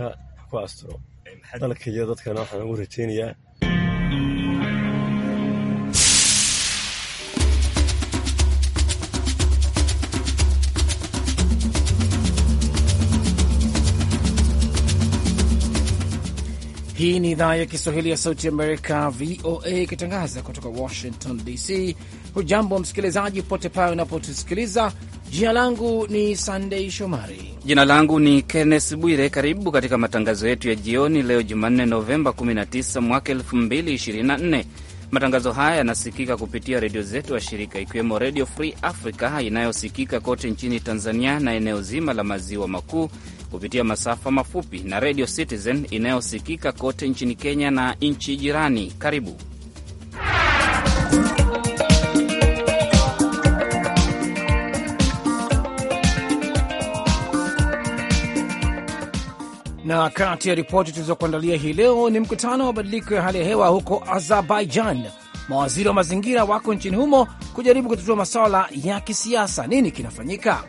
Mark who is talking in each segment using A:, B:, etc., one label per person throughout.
A: ka ku asturo dalkaiyo dadkana waxaan ugu rajaynayaa
B: Hii ni idhaa ya Kiswahili ya Sauti Amerika, VOA, ikitangaza kutoka Washington DC. Hujambo msikilizaji, popote pale unapotusikiliza. Jina langu ni Sandei Shomari.
C: Jina langu ni Kennes Bwire. Karibu katika matangazo yetu ya jioni leo Jumanne, Novemba 19 mwaka 2024. Matangazo haya yanasikika kupitia redio zetu ya shirika ikiwemo Redio Free Africa inayosikika kote nchini Tanzania na eneo zima la maziwa makuu kupitia masafa mafupi na Radio Citizen inayosikika kote nchini Kenya na nchi jirani. Karibu
B: na kati ya ripoti tulizokuandalia hii leo ni mkutano wa mabadiliko ya hali ya hewa huko Azerbaijan. Mawaziri wa mazingira wako nchini humo kujaribu kutatua masuala ya kisiasa. Nini kinafanyika?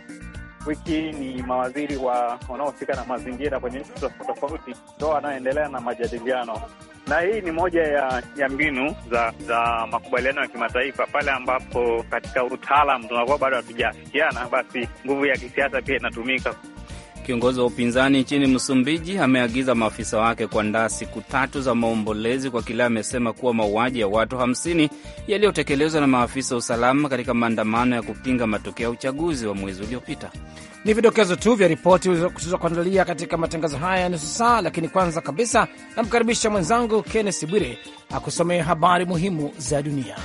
D: wiki ni mawaziri wa wanaohusika na mazingira kwenye nchi tofauti ndo wanaoendelea na majadiliano, na hii ni moja ya, ya mbinu za za makubaliano ya kimataifa. Pale ambapo katika utaalam tunakuwa bado hatujafikiana, basi nguvu ya kisiasa pia inatumika.
C: Kiongozi wa upinzani nchini Msumbiji ameagiza maafisa wake kuandaa siku tatu za maombolezi kwa kile amesema kuwa mauaji ya watu 50 yaliyotekelezwa na maafisa wa usalama katika maandamano ya kupinga matokeo ya uchaguzi wa mwezi uliopita.
B: Ni vidokezo tu vya ripoti kuandalia katika matangazo haya ya nusu saa, lakini kwanza kabisa namkaribisha mwenzangu kennes Bwire akusomee habari muhimu za dunia.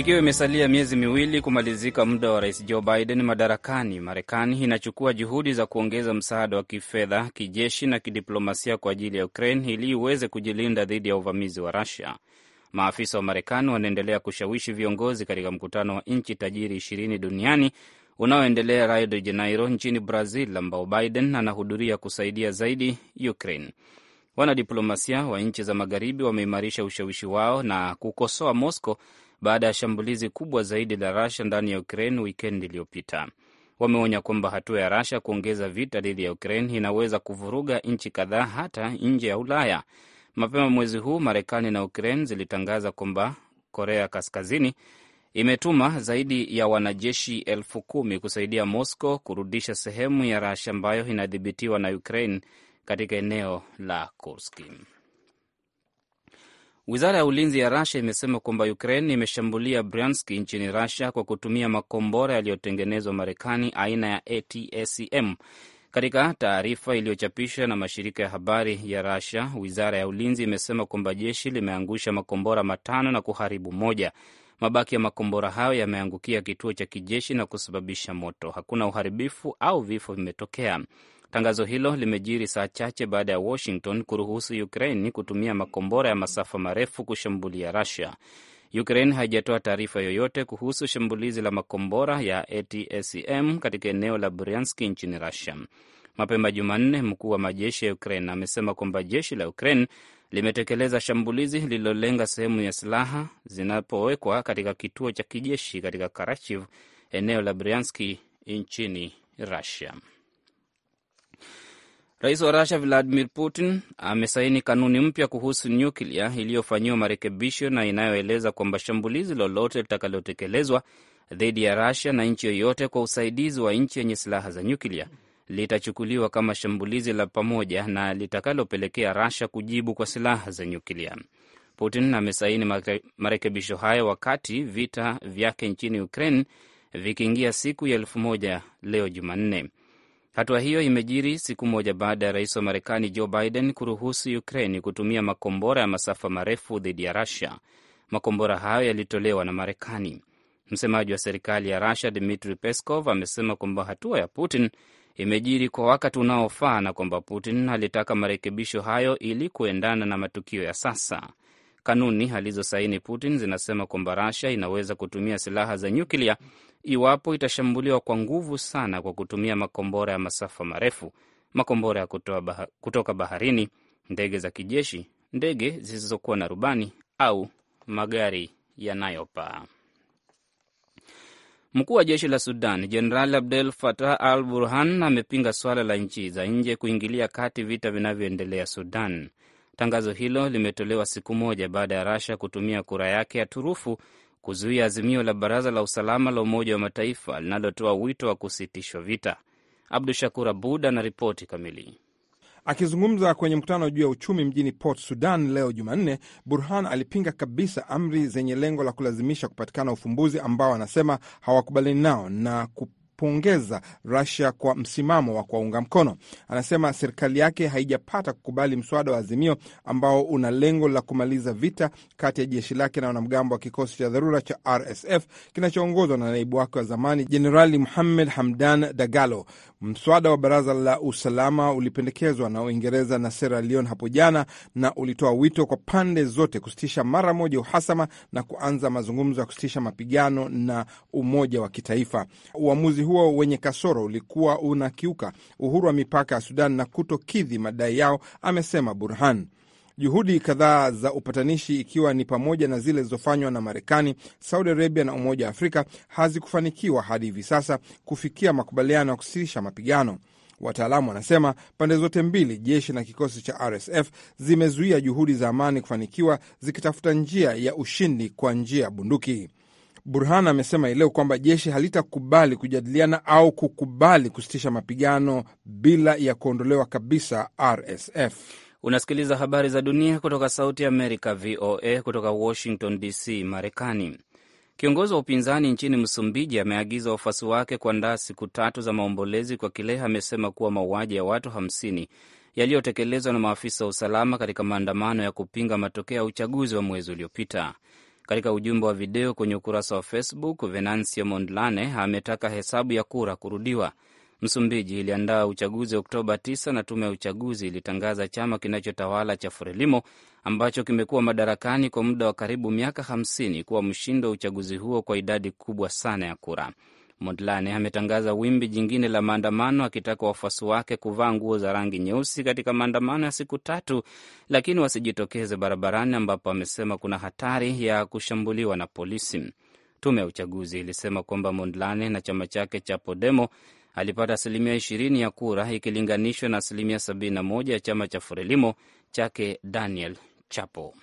C: Ikiwa imesalia miezi miwili kumalizika muda wa rais Joe Biden madarakani, Marekani inachukua juhudi za kuongeza msaada wa kifedha, kijeshi na kidiplomasia kwa ajili ya Ukraine ili iweze kujilinda dhidi ya uvamizi wa Rusia. Maafisa wa Marekani wanaendelea kushawishi viongozi katika mkutano wa nchi tajiri ishirini duniani unaoendelea Rio de Janeiro nchini Brazil, ambao Biden anahudhuria kusaidia zaidi Ukraine. Wanadiplomasia wa nchi za magharibi wameimarisha ushawishi wao na kukosoa Moscow baada ya shambulizi kubwa zaidi la rasha ndani ya Ukraine wikendi iliyopita. Wameonya kwamba hatua ya rasha kuongeza vita dhidi ya Ukraine inaweza kuvuruga nchi kadhaa hata nje ya Ulaya. Mapema mwezi huu Marekani na Ukraine zilitangaza kwamba Korea Kaskazini imetuma zaidi ya wanajeshi elfu kumi kusaidia Moscow kurudisha sehemu ya rasha ambayo inadhibitiwa na Ukraine katika eneo la Kursk. Wizara ya ulinzi ya Rusia imesema kwamba Ukraine imeshambulia Brianski nchini Rusia kwa kutumia makombora yaliyotengenezwa Marekani aina ya atacm Katika taarifa iliyochapishwa na mashirika ya habari ya Rusia, wizara ya ulinzi imesema kwamba jeshi limeangusha makombora matano na kuharibu moja. Mabaki ya makombora hayo yameangukia kituo cha kijeshi na kusababisha moto. Hakuna uharibifu au vifo vimetokea. Tangazo hilo limejiri saa chache baada ya Washington kuruhusu Ukraine kutumia makombora ya masafa marefu kushambulia Rusia. Ukraine haijatoa taarifa yoyote kuhusu shambulizi la makombora ya ATACMS katika eneo la Bryansk nchini russia Mapema Jumanne, mkuu wa majeshi ya Ukraine amesema kwamba jeshi la Ukraine limetekeleza shambulizi lililolenga sehemu ya silaha zinapowekwa katika kituo cha kijeshi katika Karachiv, eneo la brianski nchini russia Rais wa Rusia Vladimir Putin amesaini kanuni mpya kuhusu nyuklia iliyofanyiwa marekebisho na inayoeleza kwamba shambulizi lolote litakalotekelezwa dhidi ya Rusia na nchi yoyote kwa usaidizi wa nchi yenye silaha za nyuklia litachukuliwa kama shambulizi la pamoja na litakalopelekea Rusia kujibu kwa silaha za nyuklia. Putin amesaini marekebisho hayo wakati vita vyake nchini Ukraine vikiingia siku ya elfu moja leo Jumanne. Hatua hiyo imejiri siku moja baada ya rais wa Marekani Joe Biden kuruhusu Ukraine kutumia makombora ya masafa marefu dhidi ya Rusia. Makombora hayo yalitolewa na Marekani. Msemaji wa serikali ya Rusia Dmitri Peskov amesema kwamba hatua ya Putin imejiri kwa wakati unaofaa na kwamba Putin alitaka marekebisho hayo ili kuendana na matukio ya sasa. Kanuni alizosaini Putin zinasema kwamba Russia inaweza kutumia silaha za nyuklia iwapo itashambuliwa kwa nguvu sana kwa kutumia makombora ya masafa marefu, makombora ya bah kutoka baharini, ndege za kijeshi, ndege zisizokuwa na rubani au magari yanayopaa. Mkuu wa jeshi la Sudan Jenerali Abdel fatah al Burhan amepinga swala la nchi za nje kuingilia kati vita vinavyoendelea Sudan. Tangazo hilo limetolewa siku moja baada ya Rasha kutumia kura yake ya turufu kuzuia azimio la Baraza la Usalama la Umoja wa Mataifa linalotoa wito wa kusitishwa vita. Abdu Shakur Abud anaripoti kamili.
E: Akizungumza kwenye mkutano juu ya uchumi mjini Port Sudan leo Jumanne, Burhan alipinga kabisa amri zenye lengo la kulazimisha kupatikana ufumbuzi ambao anasema hawakubaliani nao na kup kupongeza Rusia kwa msimamo wa kuwaunga mkono. Anasema serikali yake haijapata kukubali mswada wa azimio ambao una lengo la kumaliza vita kati ya jeshi lake na wanamgambo wa kikosi cha dharura cha RSF kinachoongozwa na naibu wake wa zamani Jenerali Muhammed Hamdan Dagalo. Mswada wa baraza la usalama ulipendekezwa na Uingereza na Sierra Leone hapo jana na ulitoa wito kwa pande zote kusitisha mara moja uhasama na kuanza mazungumzo ya kusitisha mapigano na umoja wa kitaifa. Uamuzi huo wenye kasoro ulikuwa unakiuka uhuru wa mipaka ya Sudan na kutokidhi madai yao, amesema Burhan. Juhudi kadhaa za upatanishi ikiwa ni pamoja na zile zilizofanywa na Marekani, Saudi Arabia na Umoja wa Afrika hazikufanikiwa hadi hivi sasa kufikia makubaliano ya kusitisha mapigano. Wataalamu wanasema pande zote mbili, jeshi na kikosi cha RSF, zimezuia juhudi za amani kufanikiwa, zikitafuta njia ya ushindi kwa njia ya bunduki. Burhan amesema leo kwamba jeshi halitakubali kujadiliana au kukubali kusitisha mapigano bila ya kuondolewa kabisa RSF.
C: Unasikiliza habari za dunia kutoka Sauti Amerika, VOA, kutoka Washington DC, Marekani. Kiongozi wa upinzani nchini Msumbiji ameagiza wafuasi wake kuandaa siku tatu za maombolezi kwa kile amesema kuwa mauaji ya watu 50 yaliyotekelezwa na maafisa wa usalama katika maandamano ya kupinga matokeo ya uchaguzi wa mwezi uliopita. Katika ujumbe wa video kwenye ukurasa wa Facebook, Venancio Mondlane ametaka hesabu ya kura kurudiwa. Msumbiji iliandaa uchaguzi Oktoba 9 na tume ya uchaguzi ilitangaza chama kinachotawala cha Frelimo ambacho kimekuwa madarakani kwa muda wa karibu miaka 50 kuwa mshindo wa uchaguzi huo kwa idadi kubwa sana ya kura. Mondlane ametangaza wimbi jingine la maandamano akitaka wafuasi wake kuvaa nguo za rangi nyeusi katika maandamano ya siku tatu, lakini wasijitokeze barabarani, ambapo amesema kuna hatari ya kushambuliwa na polisi. Tume ya uchaguzi ilisema kwamba Mondlane na chama chake cha Podemo alipata asilimia 20 ya kura ikilinganishwa na asilimia 71 ya chama cha Frelimo chake Daniel Chapo.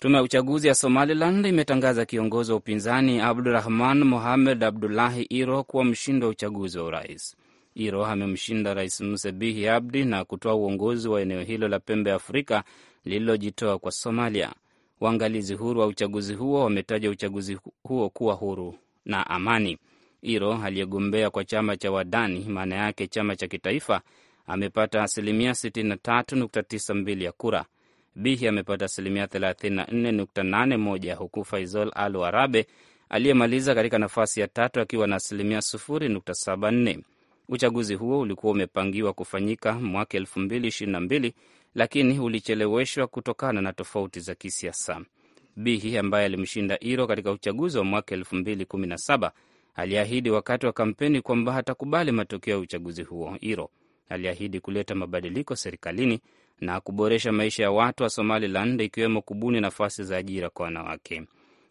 C: Tume ya uchaguzi ya Somaliland imetangaza kiongozi wa upinzani Abdurahman Mohamed Abdullahi Iro kuwa mshindi wa uchaguzi wa urais. Iro amemshinda Rais Musebihi Abdi na kutoa uongozi wa eneo hilo la pembe Afrika lililojitoa kwa Somalia. Waangalizi huru wa uchaguzi huo wametaja uchaguzi huo kuwa huru na amani. Iro aliyegombea kwa chama cha Wadani, maana yake chama cha kitaifa, amepata asilimia 63.92 ya kura. Bihi amepata asilimia 34.81 huku faizol Al Warabe aliyemaliza katika nafasi ya tatu akiwa na asilimia 0.74. Uchaguzi huo ulikuwa umepangiwa kufanyika mwaka 2022 lakini ulicheleweshwa kutokana na tofauti za kisiasa. Bihi ambaye alimshinda Iro katika uchaguzi wa mwaka 2017 aliahidi wakati wa kampeni kwamba hatakubali matokeo ya uchaguzi huo. Iro aliahidi kuleta mabadiliko serikalini na kuboresha maisha ya watu wa Somaliland, ikiwemo kubuni nafasi za ajira kwa wanawake.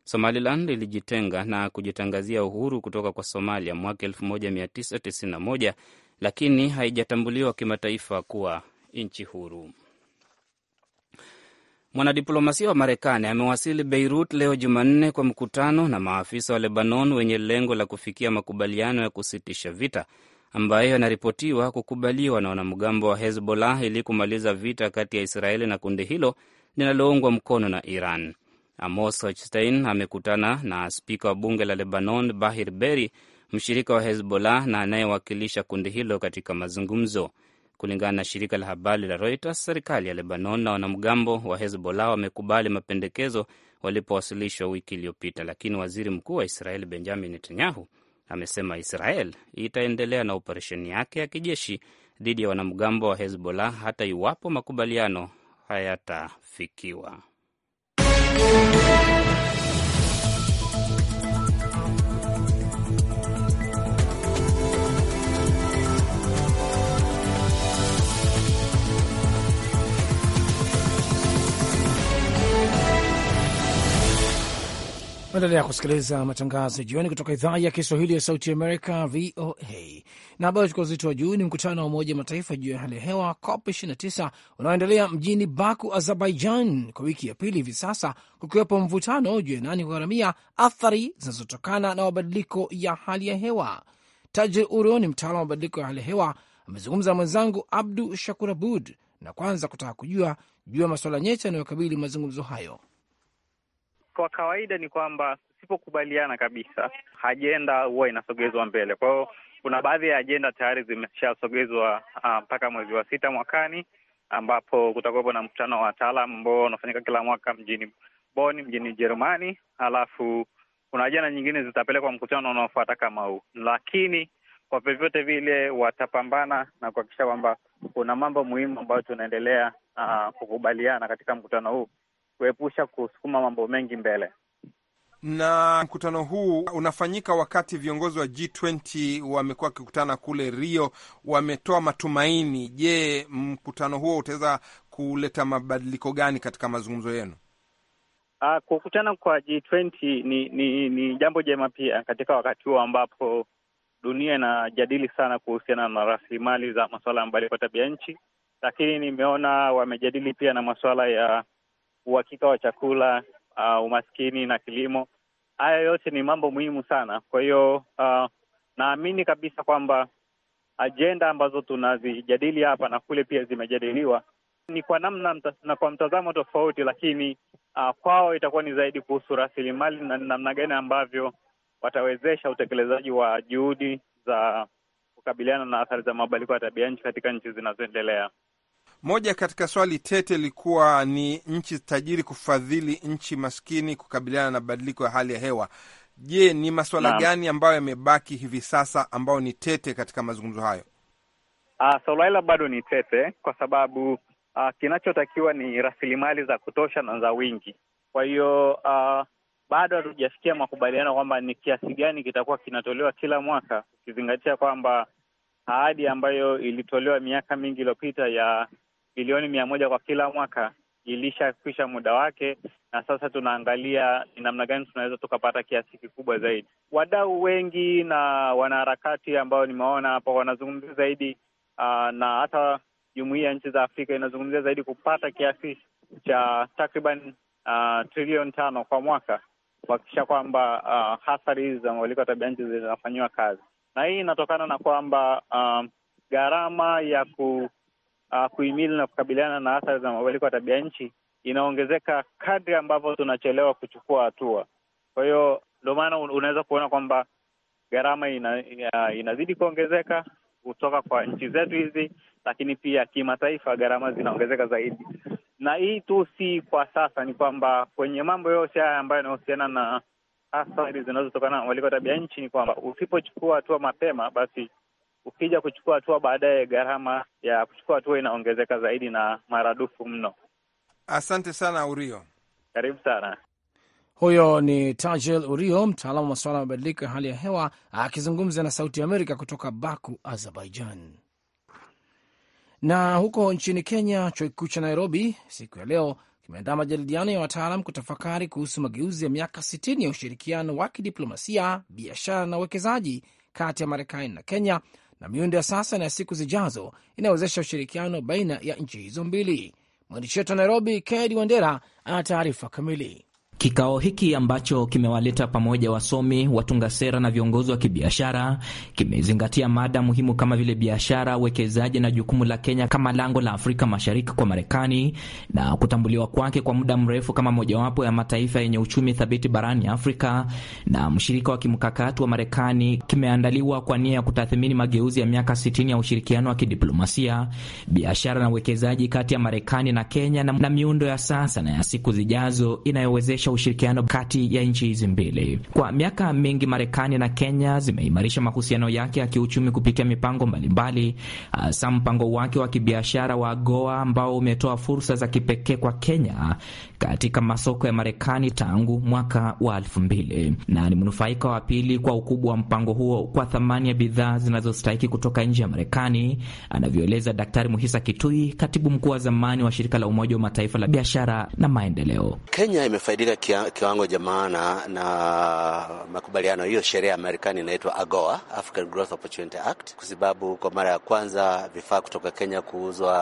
C: Somaliland ilijitenga na kujitangazia uhuru kutoka kwa Somalia mwaka 1991 lakini haijatambuliwa kimataifa kuwa nchi huru. Mwanadiplomasia wa Marekani amewasili Beirut leo Jumanne kwa mkutano na maafisa wa Lebanon wenye lengo la kufikia makubaliano ya kusitisha vita ambayo yanaripotiwa kukubaliwa na wanamgambo wa Hezbollah ili kumaliza vita kati ya Israeli na kundi hilo linaloungwa mkono na Iran. Amos Hochstein amekutana na spika wa bunge la Lebanon, Bahir Beri, mshirika wa Hezbollah na anayewakilisha kundi hilo katika mazungumzo. Kulingana na shirika la habari la Reuters, serikali ya Lebanon na wanamgambo wa Hezbollah wamekubali mapendekezo walipowasilishwa wiki iliyopita, lakini waziri mkuu wa Israeli Benjamin Netanyahu amesema Israel itaendelea na operesheni yake ya kijeshi dhidi ya wanamgambo wa Hezbollah hata iwapo makubaliano hayatafikiwa.
B: Endelea kusikiliza matangazo ya jioni kutoka idhaa ya Kiswahili ya Sauti Amerika, VOA. Na habari chukua uzito wa juu ni mkutano wa Umoja Mataifa juu ya hali ya hewa COP 29 unaoendelea mjini Baku, Azerbaijan, kwa wiki ya pili hivi sasa, kukiwepo mvutano juu ya nani kugharamia athari zinazotokana na mabadiliko ya hali ya hewa. Tajir Uro ni mtaalam wa mabadiliko ya hali ya hewa, amezungumza na mwenzangu Abdu Shakur Abud na kwanza kutaka kujua juu ya masuala nyeti yanayokabili mazungumzo hayo
D: kwa kawaida ni kwamba usipokubaliana kabisa, ajenda huwa inasogezwa mbele. Kwa hiyo kuna baadhi ya ajenda tayari zimeshasogezwa ah, mpaka uh, mwezi wa sita mwakani, ambapo kutakuwepo na mkutano wa wataalam ambao unafanyika kila mwaka mjini bon mjini Ujerumani, alafu kuna ajenda nyingine zitapelekwa mkutano unaofuata kama huu, lakini kwa vyovyote vile watapambana na kuhakikisha kwamba kuna mambo muhimu ambayo tunaendelea uh, kukubaliana katika mkutano huu kuepusha kusukuma mambo mengi mbele.
E: Na mkutano huu unafanyika wakati viongozi wa G20 wamekuwa wakikutana kule Rio, wametoa matumaini. Je, mkutano huo utaweza kuleta mabadiliko gani katika mazungumzo yenu?
D: Uh, kukutana kwa G20 ni, ni, ni jambo jema pia katika wakati huo ambapo dunia inajadili sana kuhusiana na rasilimali za masuala mbalimbali kwa tabia nchi, lakini nimeona wamejadili pia na masuala ya uhakika wa chakula, uh, umaskini na kilimo. Haya yote ni mambo muhimu sana. Kwa hiyo uh, naamini kabisa kwamba ajenda ambazo tunazijadili hapa na kule pia zimejadiliwa ni kwa namna mta, na kwa mtazamo tofauti, lakini uh, kwao itakuwa ni zaidi kuhusu rasilimali na namna gani ambavyo watawezesha utekelezaji wa juhudi za kukabiliana na athari za mabadiliko ya tabia nchi katika nchi zinazoendelea.
E: Moja katika swali tete ilikuwa ni nchi tajiri kufadhili nchi maskini kukabiliana na mabadiliko ya hali ya hewa. Je, ni masuala gani ambayo yamebaki hivi sasa ambayo ni tete katika mazungumzo hayo?
D: Uh, ah, suala hilo bado ni tete kwa sababu uh, kinachotakiwa ni rasilimali za kutosha na za wingi. Kwa hiyo uh, bado hatujafikia makubaliano kwamba ni kiasi gani kitakuwa kinatolewa kila mwaka, ukizingatia kwamba ahadi ambayo ilitolewa miaka mingi iliyopita ya bilioni mia moja kwa kila mwaka ilishakwisha muda wake, na sasa tunaangalia ni namna gani tunaweza tukapata kiasi kikubwa zaidi. Wadau wengi na wanaharakati ambao nimeona hapa wanazungumzia zaidi uh, na hata jumuiya ya nchi za Afrika inazungumzia zaidi kupata kiasi cha takriban uh, trilioni tano kwa mwaka kuhakikisha kwamba uh, ah, athari hizi za mabadiliko ya tabia nchi zinafanyiwa kazi, na hii inatokana na kwamba um, gharama ya ku uh, ah, kuhimili na kukabiliana na athari za mabadiliko ya tabia nchi inaongezeka kadri ambavyo tunachelewa kuchukua hatua. Kwa hiyo ndio maana unaweza kuona kwamba gharama ina, ina, inazidi kuongezeka kutoka kwa nchi zetu hizi, lakini pia kimataifa gharama zinaongezeka zaidi. Na hii tu si kwa sasa, ni kwamba kwenye mambo yote haya ambayo yanahusiana na athari zinazotokana na mabadiliko ya tabia nchi, ni kwamba usipochukua hatua mapema, basi ukija kuchukua hatua baadaye, gharama ya kuchukua hatua inaongezeka zaidi na maradufu mno. Asante sana Urio, karibu sana.
B: Huyo ni Tajel Urio, mtaalamu wa masuala ya mabadiliko ya hali ya hewa akizungumza na Sauti ya Amerika kutoka Baku, Azerbaijan. Na huko nchini Kenya, chuo kikuu cha Nairobi siku ya leo kimeandaa majadiliano ya wataalam kutafakari kuhusu mageuzi ya miaka 60 ya ushirikiano wa kidiplomasia, biashara na uwekezaji kati ya Marekani na Kenya na miundo ya sasa na ya siku zijazo inawezesha ushirikiano baina ya nchi hizo mbili. Mwandishi wetu wa Nairobi, Kennedy Wandera, ana taarifa kamili.
F: Kikao hiki ambacho kimewaleta pamoja wasomi, watunga sera na viongozi wa kibiashara kimezingatia mada muhimu kama vile biashara, uwekezaji na jukumu la Kenya kama lango la Afrika Mashariki kwa Marekani na kutambuliwa kwake kwa muda mrefu kama mojawapo ya mataifa yenye uchumi thabiti barani Afrika na mshirika wa kimkakati wa Marekani. Kimeandaliwa kwa nia ya kutathmini mageuzi ya miaka 60 ya ushirikiano wa kidiplomasia, biashara na uwekezaji kati ya Marekani na Kenya na, na miundo ya sasa na ya siku zijazo inayowezesha kuimarisha ushirikiano kati ya nchi hizi mbili. Kwa miaka mingi, Marekani na Kenya zimeimarisha mahusiano yake ya kiuchumi kupitia mipango mbalimbali, hasa mpango wake wa kibiashara wa AGOA ambao umetoa fursa za kipekee kwa Kenya katika masoko ya Marekani tangu mwaka wa elfu mbili na ni mnufaika wa pili kwa ukubwa wa mpango huo kwa thamani ya bidhaa zinazostahiki kutoka nje ya Marekani, anavyoeleza Daktari Muhisa Kitui, katibu mkuu wa zamani wa shirika la Umoja wa Mataifa la biashara na maendeleo.
G: Kenya imefaidika kia, kiwango cha maana na makubaliano hiyo. Sheria ya Marekani inaitwa AGOA, African Growth Opportunity Act, kwa sababu kwa mara ya kwanza vifaa kutoka Kenya kuuzwa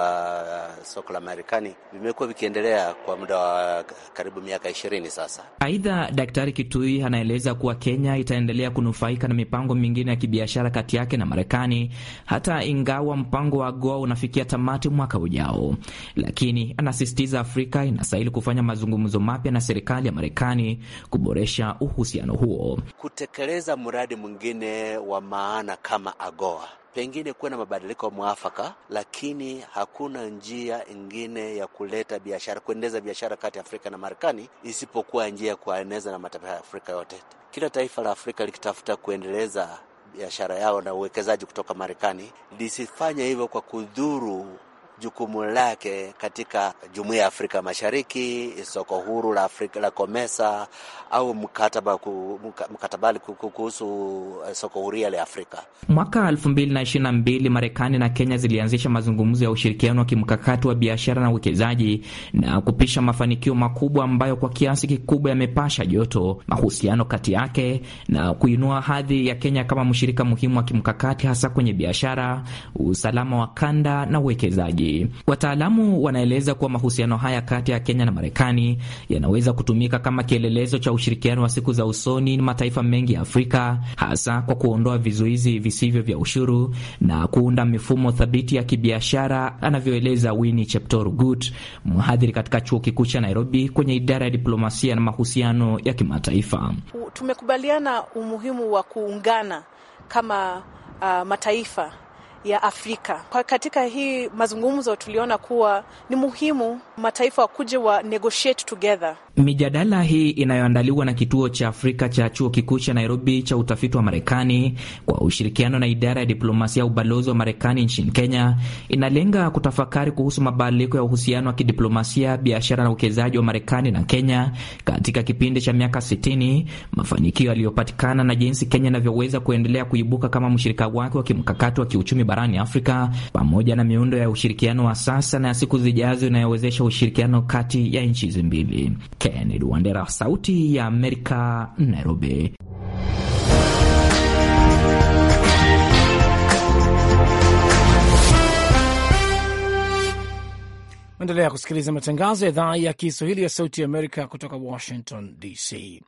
G: uh, soko la Marekani vimekuwa vikiendelea kwa muda wa karibu miaka ishirini sasa.
F: Aidha, Daktari Kitui anaeleza kuwa Kenya itaendelea kunufaika na mipango mingine ya kibiashara kati yake na Marekani hata ingawa mpango wa AGOA unafikia tamati mwaka ujao, lakini anasisitiza Afrika inastahili kufanya mazungumzo mapya na serikali ya Marekani kuboresha uhusiano huo,
G: kutekeleza mradi mwingine wa maana kama AGOA pengine kuwe na mabadiliko mwafaka, lakini hakuna njia ingine ya kuleta biashara, kuendeleza biashara kati ya Afrika na Marekani isipokuwa njia ya kueneza na mataifa ya Afrika yote. Kila taifa la Afrika likitafuta kuendeleza biashara yao na uwekezaji kutoka Marekani lisifanya hivyo kwa kudhuru jukumu lake katika Jumuiya ya Afrika Mashariki, soko huru la Afrika la COMESA au mkataba ku, mkatabali kuhusu eh, soko huria la Afrika.
F: Mwaka 2022 Marekani na Kenya zilianzisha mazungumzo ya ushirikiano wa kimkakati wa biashara na uwekezaji na kupisha mafanikio makubwa ambayo kwa kiasi kikubwa yamepasha joto mahusiano kati yake na kuinua hadhi ya Kenya kama mshirika muhimu wa kimkakati hasa kwenye biashara, usalama wa kanda na uwekezaji. Wataalamu wanaeleza kuwa mahusiano haya kati ya Kenya na Marekani yanaweza kutumika kama kielelezo cha ushirikiano wa siku za usoni mataifa mengi ya Afrika, hasa kwa kuondoa vizuizi visivyo vya ushuru na kuunda mifumo thabiti ya kibiashara, anavyoeleza Winnie Cheptorugut, mhadhiri katika chuo kikuu cha Nairobi kwenye idara ya diplomasia na mahusiano ya kimataifa.
A: Tumekubaliana umuhimu wa kuungana kama uh, mataifa ya Afrika. Kwa katika hii mazungumzo tuliona kuwa ni muhimu mataifa wakuje wa negotiate together.
F: Mijadala hii inayoandaliwa na kituo cha Afrika cha chuo kikuu cha Nairobi cha utafiti wa Marekani kwa ushirikiano na idara ya diplomasia ya ubalozi wa Marekani nchini Kenya inalenga kutafakari kuhusu mabadiliko ya uhusiano wa kidiplomasia, biashara na uwekezaji wa Marekani na Kenya katika kipindi cha miaka 60, mafanikio yaliyopatikana na jinsi Kenya inavyoweza kuendelea kuibuka kama mshirika wake wa kimkakati wa kiuchumi barani Afrika pamoja na miundo ya ushirikiano wa sasa na ya siku zijazo inayowezesha ushirikiano kati ya nchi hizi mbili. Kennedy Wandera, Sauti ya Amerika, Nairobi.
B: Endelea kusikiliza matangazo ya idhaa ya Kiswahili ya Sauti ya Amerika kutoka Washington DC.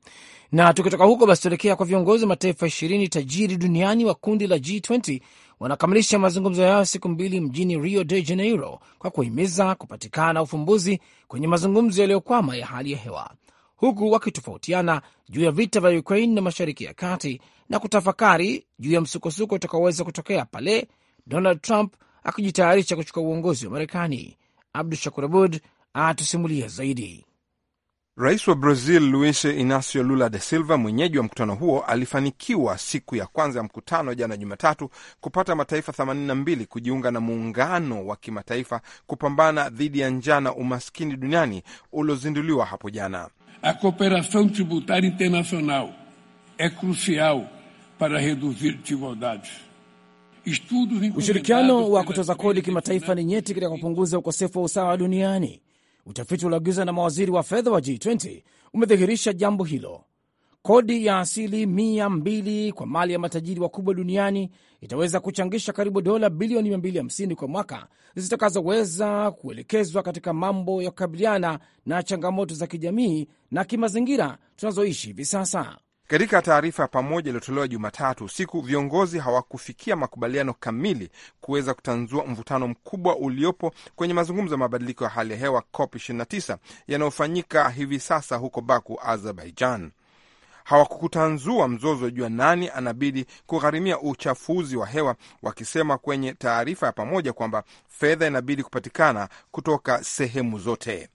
B: Na tukitoka huko basi, tuelekea kwa viongozi wa mataifa ishirini tajiri duniani wa kundi la G20 wanakamilisha mazungumzo yao siku mbili mjini Rio de Janeiro kwa kuhimiza kupatikana ufumbuzi kwenye mazungumzo yaliyokwama ya hali ya hewa, huku wakitofautiana juu ya vita vya Ukraine na Mashariki ya Kati na kutafakari juu ya msukosuko utakaoweza kutokea pale Donald Trump akijitayarisha kuchukua uongozi wa Marekani. Abdu Shakur Abud atusimulia zaidi.
E: Rais wa Brazil Luis Inacio Lula de Silva, mwenyeji wa mkutano huo, alifanikiwa siku ya kwanza ya mkutano jana Jumatatu kupata mataifa 82 kujiunga na muungano wa kimataifa kupambana dhidi ya njaa na umaskini duniani uliozinduliwa hapo jana.
B: A internacional crucial para reduzir desigualdades. Ushirikiano wa kutoza kodi kimataifa ni nyeti katika kupunguza ukosefu wa usawa duniani. Utafiti ulioagizwa na mawaziri wa fedha wa G20 umedhihirisha jambo hilo. Kodi ya mia mbili kwa mali ya matajiri wakubwa duniani itaweza kuchangisha karibu dola bilioni 250 kwa mwaka zitakazoweza kuelekezwa katika mambo ya kukabiliana na changamoto za kijamii na kimazingira tunazoishi hivi sasa.
E: Katika taarifa ya pamoja iliyotolewa Jumatatu usiku, viongozi hawakufikia makubaliano kamili kuweza kutanzua mvutano mkubwa uliopo kwenye mazungumzo ya mabadiliko ya hali ya hewa COP 29 yanayofanyika hivi sasa huko Baku, Azerbaijan. Hawakukutanzua mzozo juu ya nani anabidi kugharimia uchafuzi wa hewa, wakisema kwenye taarifa ya pamoja kwamba fedha inabidi kupatikana kutoka sehemu zote.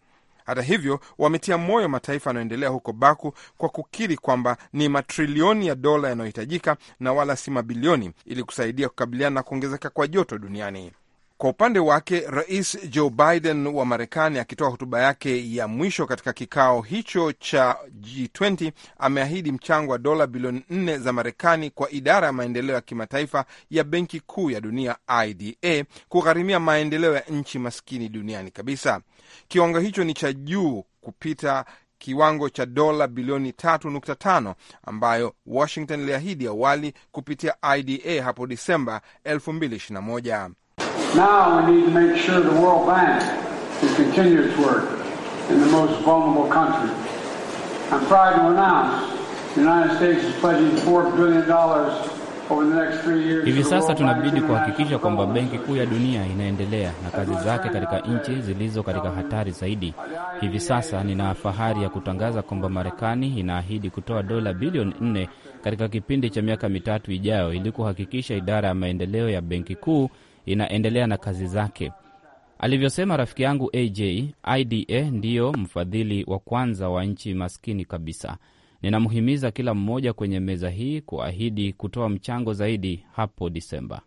E: Hata hivyo, wametia moyo mataifa yanayoendelea huko Baku kwa kukiri kwamba ni matrilioni ya dola yanayohitajika na wala si mabilioni, ili kusaidia kukabiliana na kuongezeka kwa joto duniani. Kwa upande wake Rais Joe Biden wa Marekani, akitoa hotuba yake ya mwisho katika kikao hicho cha G20, ameahidi mchango wa dola bilioni nne za Marekani kwa idara ya maendeleo ya kimataifa ya Benki Kuu ya Dunia, IDA, kugharimia maendeleo ya nchi maskini duniani kabisa. Kiwango hicho ni cha juu kupita kiwango cha dola bilioni 3.5 ambayo Washington iliahidi awali kupitia IDA hapo Disemba 2021.
B: Now we need to make sure the World Bank
C: can continue its work in the most vulnerable country. I'm proud to announce the United States is pledging $4 billion over Hivi sasa tunabidi kuhakikisha kwamba Benki Kuu ya Dunia inaendelea na kazi zake katika nchi zilizo katika hatari zaidi. Hivi sasa nina fahari ya kutangaza kwamba Marekani inaahidi kutoa dola bilioni nne katika kipindi cha miaka mitatu ijayo ili kuhakikisha idara ya maendeleo ya Benki Kuu inaendelea na kazi zake. Alivyosema rafiki yangu AJ, IDA ndiyo mfadhili wa kwanza wa nchi maskini kabisa. Ninamhimiza kila mmoja kwenye meza hii kuahidi kutoa mchango zaidi hapo Disemba.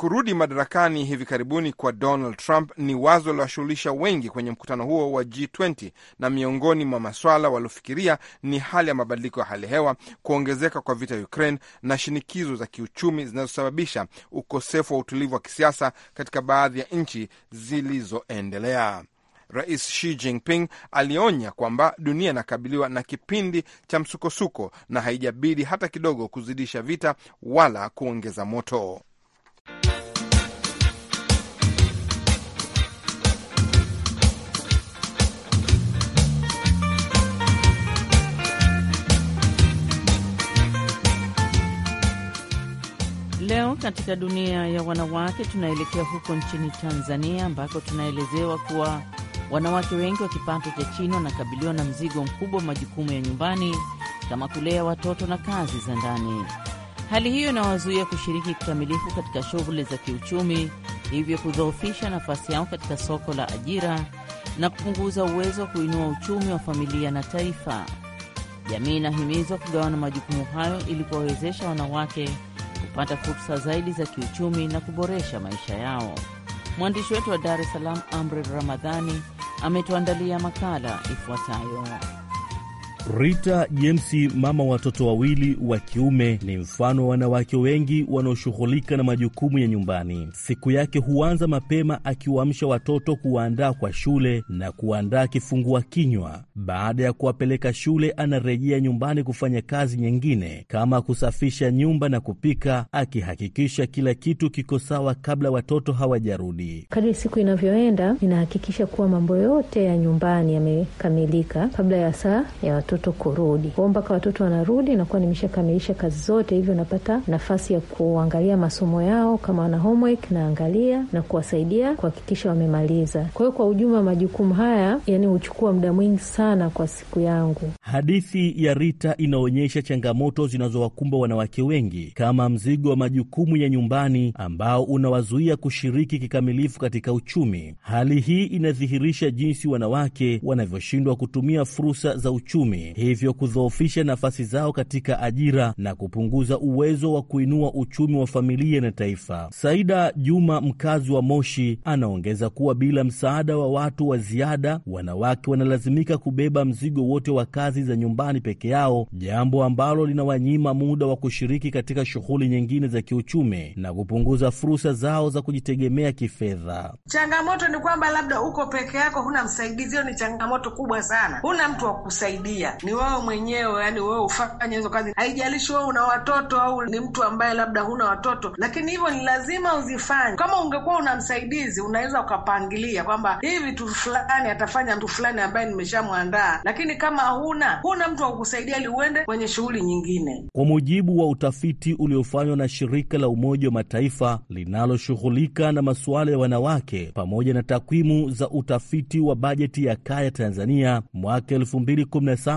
E: Kurudi madarakani hivi karibuni kwa Donald Trump ni wazo liliwashughulisha wengi kwenye mkutano huo wa G20, na miongoni mwa maswala waliofikiria ni hali ya mabadiliko ya hali ya hewa, kuongezeka kwa vita ya Ukraine na shinikizo za kiuchumi zinazosababisha ukosefu wa utulivu wa kisiasa katika baadhi ya nchi zilizoendelea. Rais Xi Jinping alionya kwamba dunia inakabiliwa na kipindi cha msukosuko na haijabidi hata kidogo kuzidisha vita wala kuongeza moto.
F: Leo katika dunia ya wanawake, tunaelekea huko nchini Tanzania ambako tunaelezewa kuwa wanawake wengi wa kipato cha chini wanakabiliwa na mzigo mkubwa wa majukumu ya nyumbani kama kulea watoto na kazi za ndani. Hali hiyo inawazuia kushiriki kikamilifu katika shughuli za kiuchumi, hivyo kudhoofisha nafasi yao katika soko la ajira na kupunguza uwezo wa kuinua uchumi wa familia na taifa. Jamii inahimizwa kugawana majukumu hayo ili kuwawezesha wanawake kupata fursa zaidi za kiuchumi na kuboresha maisha yao. Mwandishi wetu wa Dar es Salaam, Amri Ramadhani, ametuandalia makala ifuatayo.
A: Rita James, mama watoto wawili wa kiume, ni mfano wa wanawake wengi wanaoshughulika na majukumu ya nyumbani. Siku yake huanza mapema akiwaamsha watoto, kuwaandaa kwa shule na kuwaandaa kifungua kinywa. Baada ya kuwapeleka shule, anarejea nyumbani kufanya kazi nyingine kama kusafisha nyumba na kupika, akihakikisha kila kitu kiko sawa kabla watoto hawajarudi. Kadri siku inavyoenda, ninahakikisha kuwa mambo
F: yote ya nyumbani yamekamilika kabla ya saa ya watoto watoto kurudi kwao. Mpaka watoto wanarudi, nakuwa nimeshakamilisha kazi zote, hivyo napata nafasi ya kuangalia masomo yao. Kama wana homework, naangalia na kuwasaidia kuhakikisha wamemaliza. Kwa hiyo kwa ujumla, majukumu haya yani huchukua muda mwingi sana kwa siku yangu.
A: Hadithi ya Rita inaonyesha changamoto zinazowakumba wanawake wengi, kama mzigo wa majukumu ya nyumbani ambao unawazuia kushiriki kikamilifu katika uchumi. Hali hii inadhihirisha jinsi wanawake wanavyoshindwa kutumia fursa za uchumi hivyo kudhoofisha nafasi zao katika ajira na kupunguza uwezo wa kuinua uchumi wa familia na taifa. Saida Juma, mkazi wa Moshi, anaongeza kuwa bila msaada wa watu wa ziada, wanawake wanalazimika kubeba mzigo wote wa kazi za nyumbani peke yao, jambo ambalo linawanyima muda wa kushiriki katika shughuli nyingine za kiuchumi na kupunguza fursa zao za kujitegemea kifedha.
B: Changamoto ni kwamba labda uko peke yako, huna msaidizi. Hiyo ni changamoto kubwa sana, huna mtu wa kusaidia familia, ni wao mwenyewe, yani wewe ufanye hizo kazi, haijalishi wewe una watoto au ni mtu ambaye labda huna watoto, lakini hivyo ni lazima uzifanye. Kama ungekuwa una msaidizi, unaweza ukapangilia kwamba hii vitu fulani atafanya mtu fulani ambaye nimeshamwandaa, lakini kama huna huna mtu wa kukusaidia ili uende kwenye shughuli nyingine.
A: Kwa mujibu wa utafiti uliofanywa na shirika la Umoja wa Mataifa linaloshughulika na masuala ya wanawake pamoja na takwimu za utafiti wa bajeti ya kaya Tanzania mwaka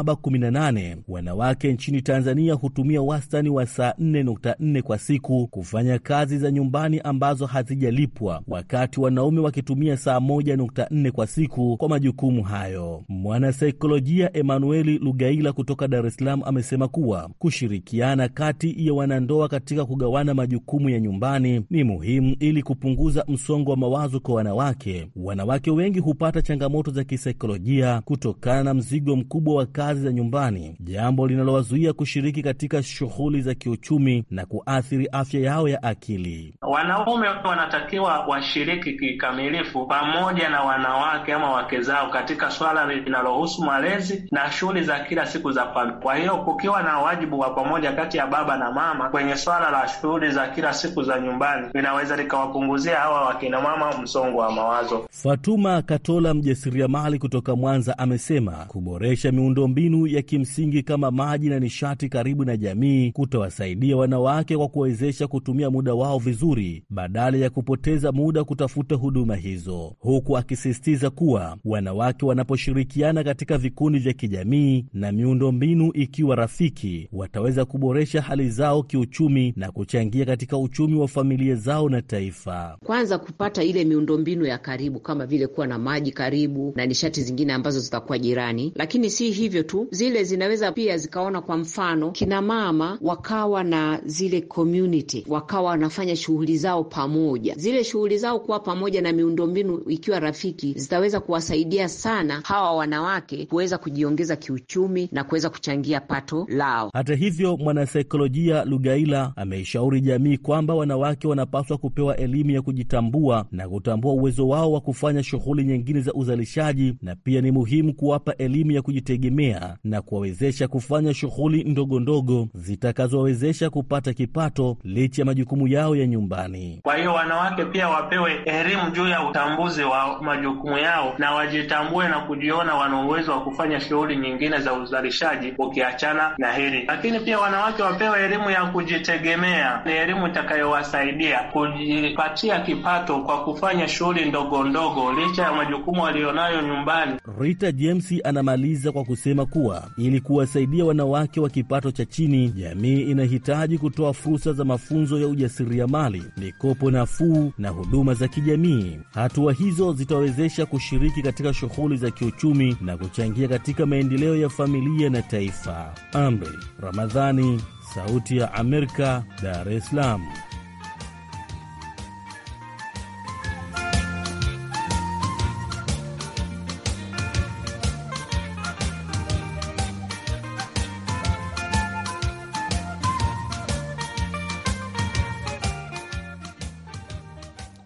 A: 718 wanawake nchini Tanzania hutumia wastani wa saa 4.4 kwa siku kufanya kazi za nyumbani ambazo hazijalipwa, wakati wanaume wakitumia saa 1.4 kwa siku kwa majukumu hayo. Mwanasaikolojia Emanueli Lugaila kutoka Dar es Salaam amesema kuwa kushirikiana kati ya wanandoa katika kugawana majukumu ya nyumbani ni muhimu ili kupunguza msongo wa mawazo kwa wanawake. Wanawake wengi hupata changamoto za kisaikolojia kutokana na mzigo mkubwa wa kazi kazi za nyumbani, jambo linalowazuia kushiriki katika shughuli za kiuchumi na kuathiri afya yao ya akili. Wanaume wanatakiwa washiriki kikamilifu pamoja na wanawake ama wake zao katika swala linalohusu malezi na shughuli za kila siku za familia. Kwa hiyo kukiwa na wajibu wa pamoja kati ya baba na mama kwenye swala la shughuli za kila siku za nyumbani linaweza likawapunguzia hawa wakinamama msongo wa mawazo. Fatuma Katola, mjasiriamali kutoka Mwanza, amesema kuboresha miundombinu miundombinu ya kimsingi kama maji na nishati karibu na jamii, kutawasaidia wanawake kwa kuwezesha kutumia muda wao vizuri badala ya kupoteza muda kutafuta huduma hizo, huku akisisitiza kuwa wanawake wanaposhirikiana katika vikundi vya kijamii na miundombinu ikiwa rafiki, wataweza kuboresha hali zao kiuchumi na kuchangia katika uchumi wa familia zao na taifa.
F: Kwanza kupata ile miundombinu ya karibu kama vile kuwa na maji karibu na nishati zingine ambazo zitakuwa jirani, lakini si hivyo zetu zile zinaweza pia zikaona, kwa mfano kinamama wakawa na zile community, wakawa wanafanya shughuli zao pamoja. Zile shughuli zao kuwa pamoja na miundombinu ikiwa rafiki zitaweza kuwasaidia sana hawa wanawake kuweza kujiongeza kiuchumi na kuweza kuchangia pato lao.
A: Hata hivyo, mwanasaikolojia Lugaila ameishauri jamii kwamba wanawake wanapaswa kupewa elimu ya kujitambua na kutambua uwezo wao wa kufanya shughuli nyingine za uzalishaji na pia ni muhimu kuwapa elimu ya kujitegemea na kuwawezesha kufanya shughuli ndogo ndogo zitakazowawezesha kupata kipato licha ya majukumu yao ya nyumbani. Kwa hiyo wanawake pia wapewe elimu juu ya utambuzi wa majukumu yao na wajitambue na kujiona wana uwezo wa kufanya shughuli nyingine za uzalishaji ukiachana na hili. Lakini pia wanawake wapewe elimu ya kujitegemea, ni elimu itakayowasaidia kujipatia kipato kwa kufanya shughuli ndogo ndogo licha ya majukumu walionayo nyumbani. Rita James anamaliza kwa kusema kuwa ili kuwasaidia wanawake wa kipato cha chini, jamii inahitaji kutoa fursa za mafunzo ya ujasiriamali, mikopo nafuu na huduma za kijamii. Hatua hizo zitawezesha kushiriki katika shughuli za kiuchumi na kuchangia katika maendeleo ya familia na taifa. Amri Ramadhani, Sauti ya Amerika, Dar es Salaam.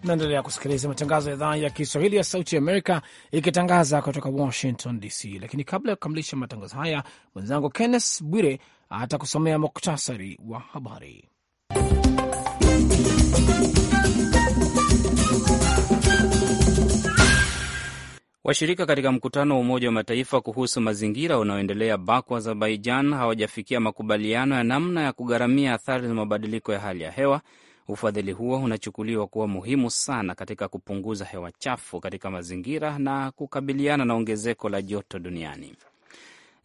B: Naendelea kusikiliza matangazo ya idhaa ya Kiswahili ya Sauti Amerika ikitangaza kutoka Washington DC. Lakini kabla ya kukamilisha matangazo haya, mwenzangu Kenneth Bwire atakusomea muktasari wa habari.
C: Washirika katika mkutano wa Umoja wa Mataifa kuhusu mazingira unaoendelea Baku, Azerbaijan hawajafikia makubaliano ya namna ya kugharamia athari za mabadiliko ya hali ya hewa Ufadhili huo unachukuliwa kuwa muhimu sana katika kupunguza hewa chafu katika mazingira na kukabiliana na ongezeko la joto duniani.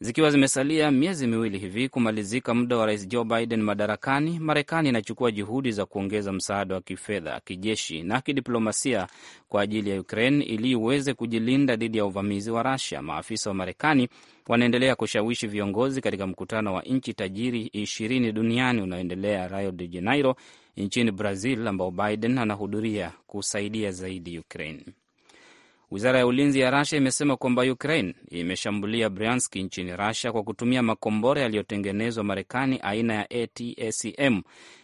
C: Zikiwa zimesalia miezi miwili hivi kumalizika muda wa rais Joe Biden madarakani, Marekani inachukua juhudi za kuongeza msaada wa kifedha, kijeshi na kidiplomasia kwa ajili ya Ukraine ili iweze kujilinda dhidi ya uvamizi wa Rusia. Maafisa wa Marekani wanaendelea kushawishi viongozi katika mkutano wa nchi tajiri ishirini duniani unaoendelea Rio de Janeiro nchini Brazil, ambao Biden anahudhuria kusaidia zaidi Ukraine. Wizara ya ulinzi ya Rasia imesema kwamba Ukraine imeshambulia Briansk nchini Rasia kwa kutumia makombora yaliyotengenezwa Marekani aina ya atacm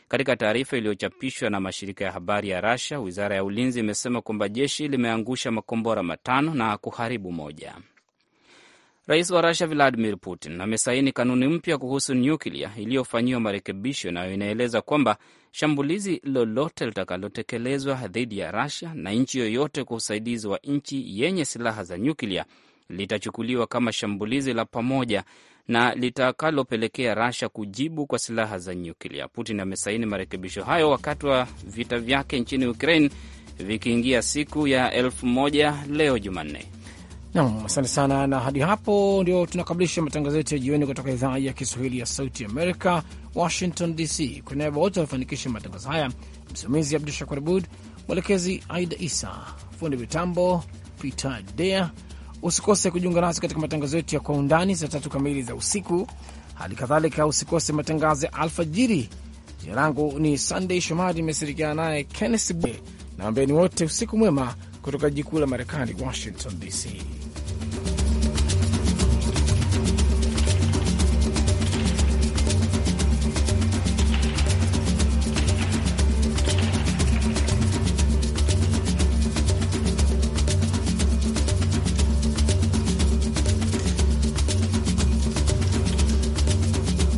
C: Katika taarifa iliyochapishwa na mashirika ya habari ya Rasia, wizara ya ulinzi imesema kwamba jeshi limeangusha makombora matano na kuharibu moja. Rais wa Rusia Vladimir Putin amesaini kanuni mpya kuhusu nyuklia iliyofanyiwa marekebisho nayo inaeleza kwamba shambulizi lolote litakalotekelezwa dhidi ya Rusia na nchi yoyote kwa usaidizi wa nchi yenye silaha za nyuklia litachukuliwa kama shambulizi la pamoja na litakalopelekea Russia kujibu kwa silaha za nyuklia. Putin amesaini marekebisho hayo wakati wa vita vyake nchini Ukraine vikiingia siku ya elfu moja leo Jumanne.
B: Nam, asante sana. Na hadi hapo ndio tunakamilisha matangazo yetu ya jioni kutoka idhaa ya Kiswahili ya Sauti Amerika, Washington DC. Kwa niaba wote wamefanikisha matangazo haya, msimamizi Abdu Shakur Abud, mwelekezi Aida Isa, fundi mitambo Peter Dea. Usikose kujiunga nasi katika matangazo yetu ya Kwa Undani saa tatu kamili za usiku. Hali kadhalika usikose matangazo ya alfajiri. Jina langu ni Sandey Shomari, imeshirikiana naye Kennes Bwe na ambeni wote usiku mwema kutoka jikuu la Marekani, Washington DC.